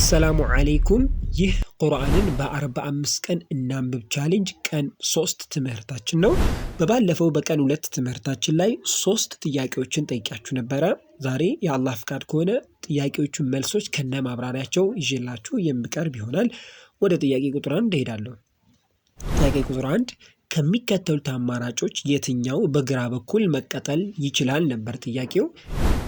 አሰላሙ አለይኩም። ይህ ቁርአንን በ45 ቀን እናንብብ ቻሌንጅ ቀን ሶስት ትምህርታችን ነው። በባለፈው በቀን ሁለት ትምህርታችን ላይ ሶስት ጥያቄዎችን ጠይቂያችሁ ነበረ። ዛሬ የአላህ ፍቃድ ከሆነ ጥያቄዎቹን መልሶች ከነ ማብራሪያቸው ይዤላችሁ የሚቀርብ ይሆናል። ወደ ጥያቄ ቁጥር አንድ እሄዳለሁ። ጥያቄ ቁጥር አንድ ከሚከተሉት አማራጮች የትኛው በግራ በኩል መቀጠል ይችላል ነበር ጥያቄው።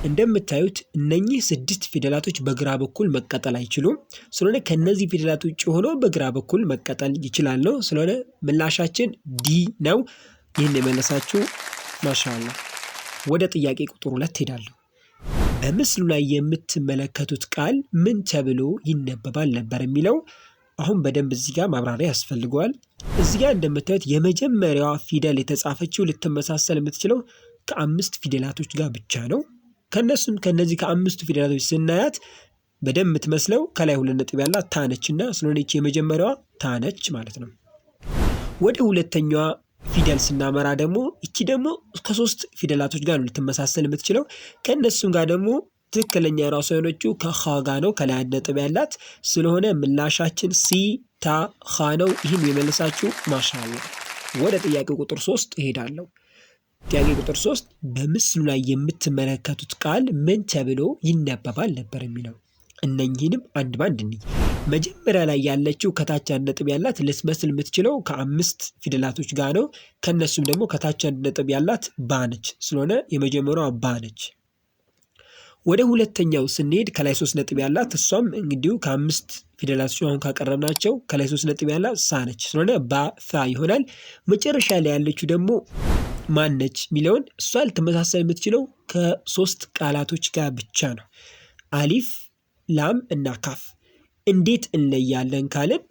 እንደምታዩት እነኚህ ስድስት ፊደላቶች በግራ በኩል መቀጠል አይችሉም። ስለሆነ ከነዚህ ፊደላት ውጭ ሆኖ በግራ በኩል መቀጠል ይችላል ነው። ስለሆነ ምላሻችን ዲ ነው። ይህን የመለሳችሁ ማሻላ። ወደ ጥያቄ ቁጥር ሁለት ሄዳለሁ። በምስሉ ላይ የምትመለከቱት ቃል ምን ተብሎ ይነበባል ነበር የሚለው አሁን በደንብ እዚህ ጋር ማብራሪያ ያስፈልገዋል። እዚህ ጋር እንደምታዩት የመጀመሪያዋ ፊደል የተጻፈችው ልትመሳሰል የምትችለው ከአምስት ፊደላቶች ጋር ብቻ ነው። ከነሱም ከነዚህ ከአምስቱ ፊደላቶች ስናያት በደንብ የምትመስለው ከላይ ሁለት ነጥብ ያላት ታነችና ስለሆነች የመጀመሪያዋ ታነች ማለት ነው። ወደ ሁለተኛዋ ፊደል ስናመራ ደግሞ እቺ ደግሞ ከሶስት ፊደላቶች ጋር ነው ልትመሳሰል የምትችለው። ከእነሱም ጋር ደግሞ ትክክለኛ የራሷ የሆነችው ከኻ ነው ከላይ አንድ ነጥብ ያላት ስለሆነ ምላሻችን ሲ ታ ኻ ነው። ይህን የመለሳችሁ ማሻአላህ። ወደ ጥያቄ ቁጥር ሶስት እሄዳለሁ። ጥያቄ ቁጥር ሶስት በምስሉ ላይ የምትመለከቱት ቃል ምን ተብሎ ይነበባል ነበር የሚለው እነኚህንም አንድ በአንድ እንይ። መጀመሪያ ላይ ያለችው ከታች አንድ ነጥብ ያላት ልትመስል የምትችለው ከአምስት ፊደላቶች ጋር ነው። ከእነሱም ደግሞ ከታች አንድ ነጥብ ያላት ባ ነች። ስለሆነ የመጀመሪያዋ ባ ነች። ወደ ሁለተኛው ስንሄድ ከላይ ሶስት ነጥብ ያላት እሷም እንግዲሁ ከአምስት ፊደላቶች አሁን ካቀረብናቸው ከላይ ሶስት ነጥብ ያላት ሳ ነች። ስለሆነ ባ ሳ ይሆናል። መጨረሻ ላይ ያለችው ደግሞ ማን ነች የሚለውን እሷ ልትመሳሰል የምትችለው ከሶስት ቃላቶች ጋር ብቻ ነው። አሊፍ ላም እና ካፍ እንዴት እንለያለን ካልን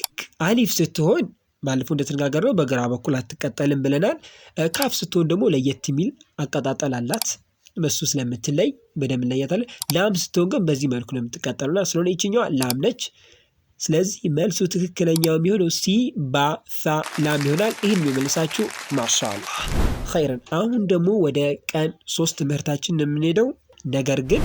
ልክ አሊፍ ስትሆን ባለፈው እንደተነጋገርነው በግራ በኩል አትቀጠልም ብለናል። ካፍ ስትሆን ደግሞ ለየት የሚል አቀጣጠል አላት። እሱ ስለምትለይ በደንብ እንለያታለን። ላም ስትሆን ግን በዚህ መልኩ ነው የምትቀጠሉና ስለሆነ ይችኛዋ ላም ነች። ስለዚህ መልሱ ትክክለኛው የሚሆነው ሲ ባ ሳ ላም ይሆናል። ይህን የሚመልሳችሁ ማሻአላህ ይረን አሁን ደግሞ ወደ ቀን ሶስት ትምህርታችን የምንሄደው ነገር ግን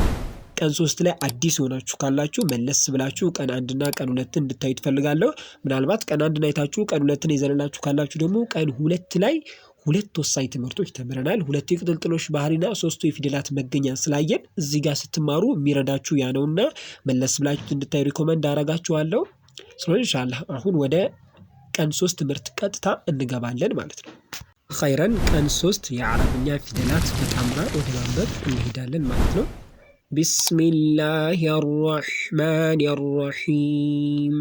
ቀን ሶስት ላይ አዲስ ሆናችሁ ካላችሁ መለስ ብላችሁ ቀን አንድና ቀን ሁለትን እንድታዩ ትፈልጋለሁ። ምናልባት ቀን አንድን አይታችሁ ቀን ሁለትን የዘለላችሁ ካላችሁ ደግሞ ቀን ሁለት ላይ ሁለት ወሳኝ ትምህርቶች ተምረናል። ሁለቱ የቅጥልጥሎች ባህሪና ሶስቱ የፊደላት መገኛ ስላየን እዚህ ጋር ስትማሩ የሚረዳችሁ ያ ነውና መለስ ብላችሁ እንድታይ ሪኮመንድ አረጋችኋለሁ። ስለሆነ ኢንሻላህ አሁን ወደ ቀን ሶስት ትምህርት ቀጥታ እንገባለን ማለት ነው። ኸይረን ቀን ሶስት የአረብኛ ፊደላት በጣምራ ወደ ማንበብ እንሄዳለን ማለት ነው። ቢስሚላህ አራሕማን አራሒም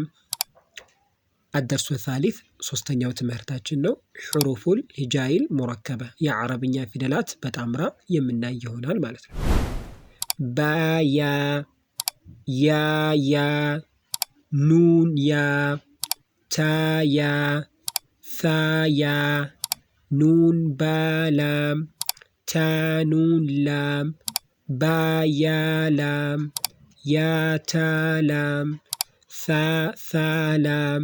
አደርሱ ታሊፍ ሶስተኛው ትምህርታችን ነው። ሑሩፉል ሂጃይል ሙረከበ የአረብኛ ፊደላት በጣምራ የምናይ ይሆናል ማለት ነው። ባያ ያያ ኑን ያ ታያ ሳያ ኑን ባላም ታኑን ላም ባያላም ያታላም ሳሳላም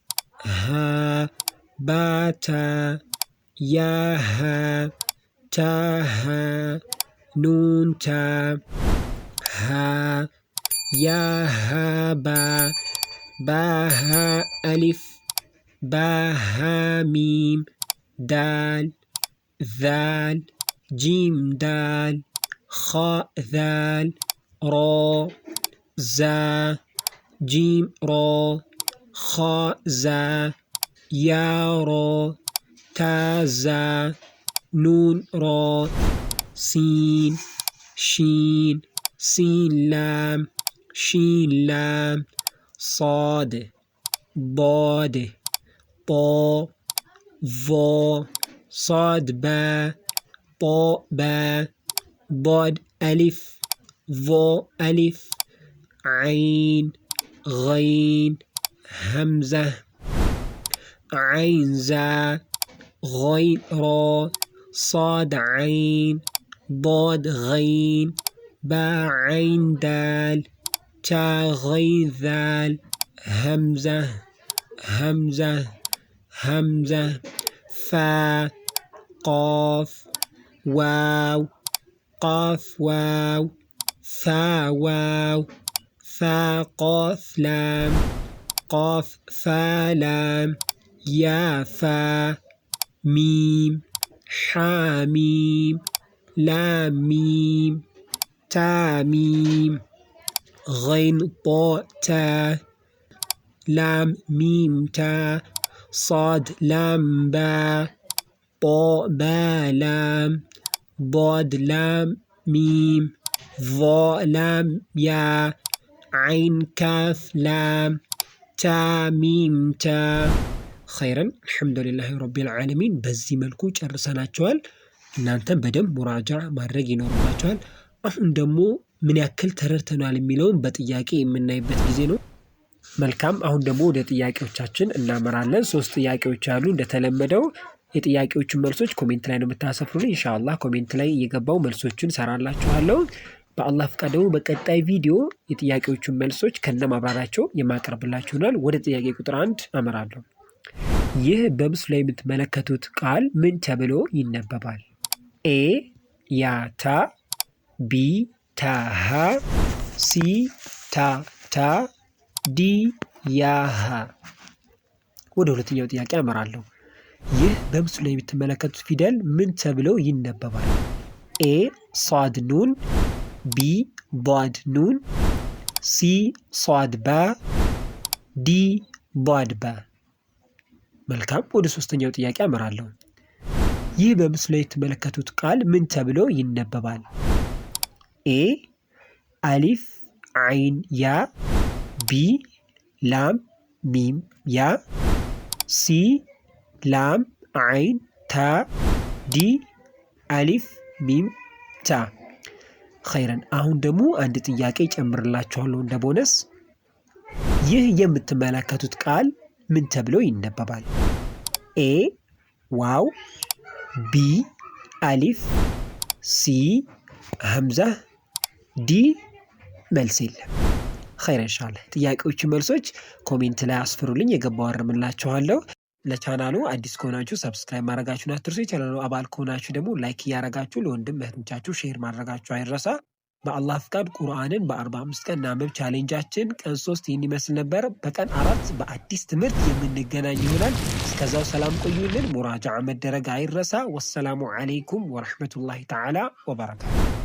ها بات ياها تاها نون تا ها ياها با باها ألف باها ميم دال ذال جيم دال خاء ذال را زا جيم را ز، یا را ز، نون را سین شین سین لام شین لام صاد باد با و صاد با با با باد الف و الف عین غین همزة عين زا غين را صاد عين ضاد غين با عين دال تا غين ذال همزة همزة همزة فا قاف واو قاف واو ثا واو ثا قاف لام قاف فا لام يا فا ميم حاميم لام ميم تاميم غين ضاء تا لام ميم تا صاد لام با طاء با لام ضاد لام ميم ظاء لام يا عين كاف لام ታሚምታ ኸይረን አልሐምዱሊላህ ረቢል ዓለሚን። በዚህ መልኩ ጨርሰናቸዋል። እናንተም በደንብ ሙራጃ ማድረግ ይኖርባቸዋል። አሁን ደግሞ ምን ያክል ተረድተናል የሚለውን በጥያቄ የምናይበት ጊዜ ነው። መልካም አሁን ደግሞ ወደ ጥያቄዎቻችን እናመራለን። ሶስት ጥያቄዎች አሉ። እንደተለመደው የጥያቄዎቹን መልሶች ኮሜንት ላይ ነው የምታሰፍሩን ኢንሻአላህ ኮሜንት ላይ እየገባው መልሶቹን ሰራላችኋለሁ። በአላህ ፈቃድ ደግሞ በቀጣይ ቪዲዮ የጥያቄዎቹን መልሶች ከነማብራራቸው የማቀርብላችሁ ይሆናል። ወደ ጥያቄ ቁጥር አንድ አመራለሁ። ይህ በምስሉ ላይ የምትመለከቱት ቃል ምን ተብሎ ይነበባል? ኤ ያታ፣ ቢ ታሃ፣ ሲ ታታ፣ ዲ ያሃ። ወደ ሁለተኛው ጥያቄ አመራለሁ። ይህ በምስሉ ላይ የምትመለከቱት ፊደል ምን ተብሎ ይነበባል? ኤ ሳድኑን ቢ ቧድ ኑን ሲ ሷድ ባ ዲ ቧድ ባ። መልካም ወደ ሶስተኛው ጥያቄ አመራለሁ። ይህ በምስሉ ላይ የተመለከቱት ቃል ምን ተብሎ ይነበባል? ኤ አሊፍ አይን ያ ቢ ላም ሚም ያ ሲ ላም አይን ታ ዲ አሊፍ ሚም ታ ኸይረን አሁን ደግሞ አንድ ጥያቄ ጨምርላችኋለሁ እንደ ቦነስ። ይህ የምትመለከቱት ቃል ምን ተብሎ ይነበባል? ኤ ዋው፣ ቢ አሊፍ፣ ሲ ሐምዛ፣ ዲ መልስ የለም። ኸይረን ሻለ ጥያቄዎቹ መልሶች ኮሜንት ላይ አስፍሩልኝ፣ የገባው አርምላችኋለሁ። ለቻናሉ አዲስ ከሆናችሁ ሰብስክራይብ ማድረጋችሁን አትርሱ። የቻናሉ አባል ከሆናችሁ ደግሞ ላይክ እያደረጋችሁ ለወንድም እህቶቻችሁ ሼር ማድረጋችሁ አይረሳ። በአላህ ፍቃድ ቁርአንን በአርባ አምስት ቀን እናንብብ ቻሌንጃችን ቀን ሶስት ይህን ይመስል ነበር። በቀን አራት በአዲስ ትምህርት የምንገናኝ ይሆናል። እስከዛው ሰላም ቆዩልን። ሙራጃ መደረግ አይረሳ። ወሰላሙ አለይኩም ወረሕመቱላሂ ተዓላ ወበረካቱ